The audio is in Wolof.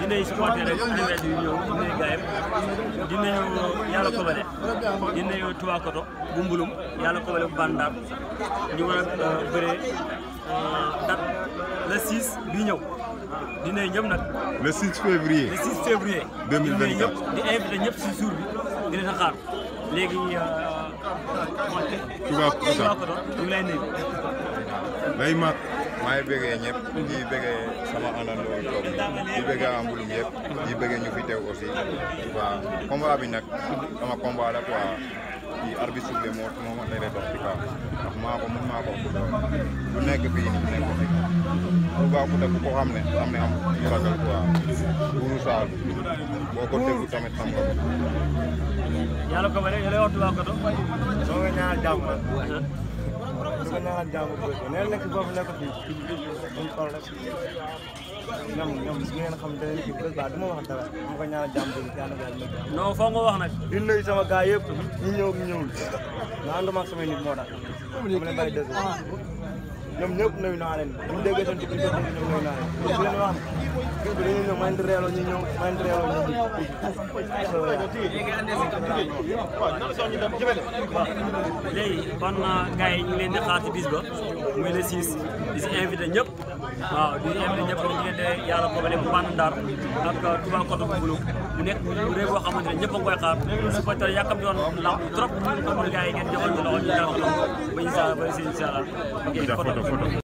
dinañ supporter rek Alioune yu ñëw di nuyu gaayam di nuyu yàlla kobale di nuyu Tuwaakoto bu mbulum yàlla kobale bu Bandar ñu war a euh, bëree euh, date le 6 bi ñëw di nuyu ñëpp nag. le 6 février le 6 février. 2024 di invité ñëpp si jour bi dina xaar léegi. Euh, Tuwaakoto Tuwaakoto ñu ngi lay nuyu. day mat. maa ngi bëggee ñëpp di bëggee sama àndandoo toog di bëggee waa Mbulum yëpp bëggee ñu fi teew aussi waaw combat bi sama combat la quoi di arbitre soufflé moo tere dox ci kaw ndax mun maa ko bu nekk fii nii nekk ko fi bu baaxut ku ko xam ne xam ne am ñu ragal quoi buuru saal boo ko tamit xam nga ko. ñaanal jàmbur góor gi nee nekk foofu nekk fii duñ xool rek ñoom ñoom ñi ngeen xam danañ fi bés ba du ma wax dara ma ko ñaanal jàmbur gi yàlla daal nekk. non foo nga wax nag. di nuyu sama gars yëpp ñu ñëw ñu ñëwul ma ànduma ak samay nit moo tax. mu ne bàyyi dëgg ñoom ñëpp nuyu naa leen bu ñu déggee seen tukki ñoom nuyu naa leen bu leen wax kii bi dañuy ñëw maa ngi reeloo ñu ñëw maa ngi reeloo ñu ñëw léegi kon euh, gars yi ñu ngi leen di xaar ci bis ba muy le 6 di si invité ñëpp waaw di invité ñëpp yàlla boobale mu bànn ndaar ak Touba Kota bu Boulouk mu nekk réew boo xamante ne ñëpp a ngi koy xaar supporter yàkkam doon lamb trop amul gars yi ngeen joxal ñu loxo ñu ñaan ko ba incha allah ba incha allah ok photo